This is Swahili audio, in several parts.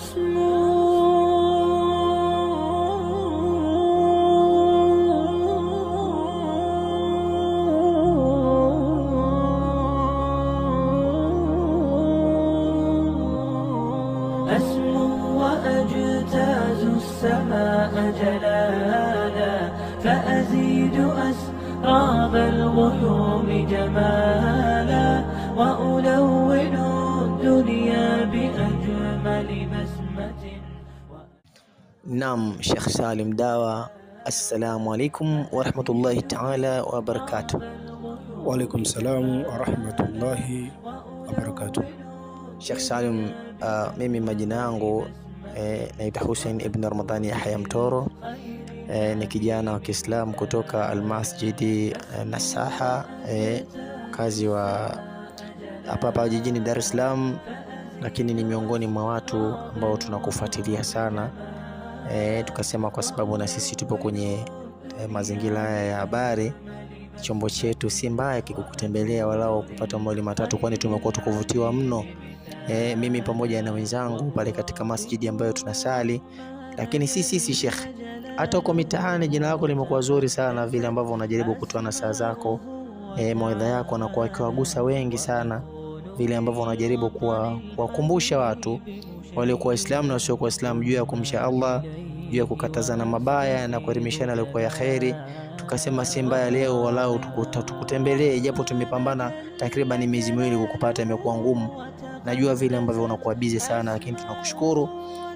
أسمو وأجتاز السماء جلالا فأزيد أسراب الغحوم جمالا وألون الدنيا أمل بسمة Naam, Sheikh Salim Dawa, assalamu alaikum warahmatullahi taala wabarakatuh. Wa salam warahmatullahi wabarakatuh. Sheikh Salim, uh, mimi majina yangu eh, naitwa Hussein ibn Ramadhani Yahya Mtoro eh, ni kijana wa Kiislamu kutoka Almasjidi eh, Nasaha eh, mkazi wa hapa hapa jijini Dar es Salaam lakini ni miongoni mwa watu ambao tunakufuatilia sana e, tukasema kwa sababu na sisi tupo kwenye e, mazingira haya ya habari, chombo chetu si mbaya kikukutembelea walao kupata mawili matatu, kwani tumekuwa tukuvutiwa mno e, mimi pamoja na wenzangu pale katika masjidi ambayo tunasali, lakini si sisi shekhe, hata uko mitaani jina lako limekuwa zuri sana, vile ambavyo unajaribu kutoa saa zako e, mawaidha yako na kuwakiwagusa wengi sana vile ambavyo wanajaribu kuwakumbusha watu waliokuwa Waislamu na wasiokuwa Waislamu juu ya kumsha Allah, juu ya kukatazana mabaya na kuelimishana yaliyokuwa ya kheri. Tukasema si mbaya leo walau tukutembelee, japo tumepambana takriban miezi miwili kukupata, imekuwa ngumu. Najua vile ambavyo unakuwa busy sana, lakini tunakushukuru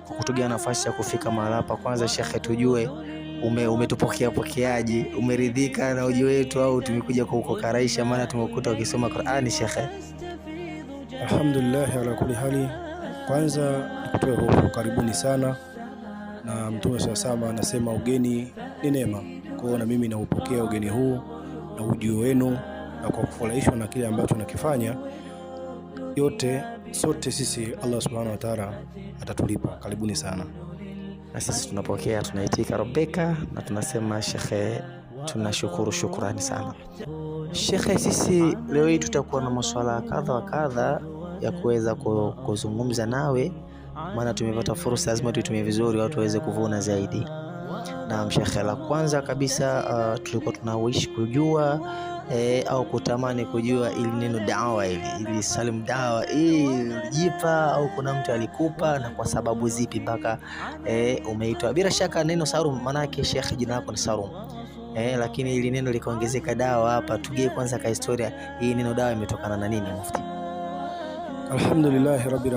kwa kutugia nafasi ya kufika mahali hapa. Kwanza shekhe, tujue ume, pokeaji, umeridhika na uji wetu au tumekuja kukukaraisha? Maana tumekuta ukisoma Qur'ani shekhe. Alhamdulillah, ala kulli hali. Kwanza nikutoe hofu, karibuni sana. Na Mtume swalla salam anasema ugeni ni neema, kwa hiyo na mimi naupokea ugeni huu na ujio wenu, na kwa kufurahishwa na kile ambacho nakifanya. Yote sote sisi, Allah subhanahu wa ta'ala atatulipa. Karibuni sana, na sisi tunapokea, tunaitika robeka, na tunasema shekhe tunashukuru, shukrani sana Shekhe. Sisi leo hii tutakuwa na masuala kadha wa kadha ya kuweza kuzungumza nawe, maana tumepata fursa, lazima tuitumie vizuri, watu waweze kuvuna zaidi. Naam Shekhe, la kwanza kabisa uh, tulikuwa tunawishi kujua e, au kutamani kujua ili neno dawa ili ili Salim dawa hii e, ulijipa au kuna mtu alikupa na kwa sababu zipi mpaka e, umeitwa? Bila shaka neno Sarum maana yake Sheikh, jina lako ni Sarum. E, lakini ili neno likaongezeka dawa hapa. Tugee kwanza ka historia hii neno dawa imetokana na nini Mufti? Alhamdulillah rabbil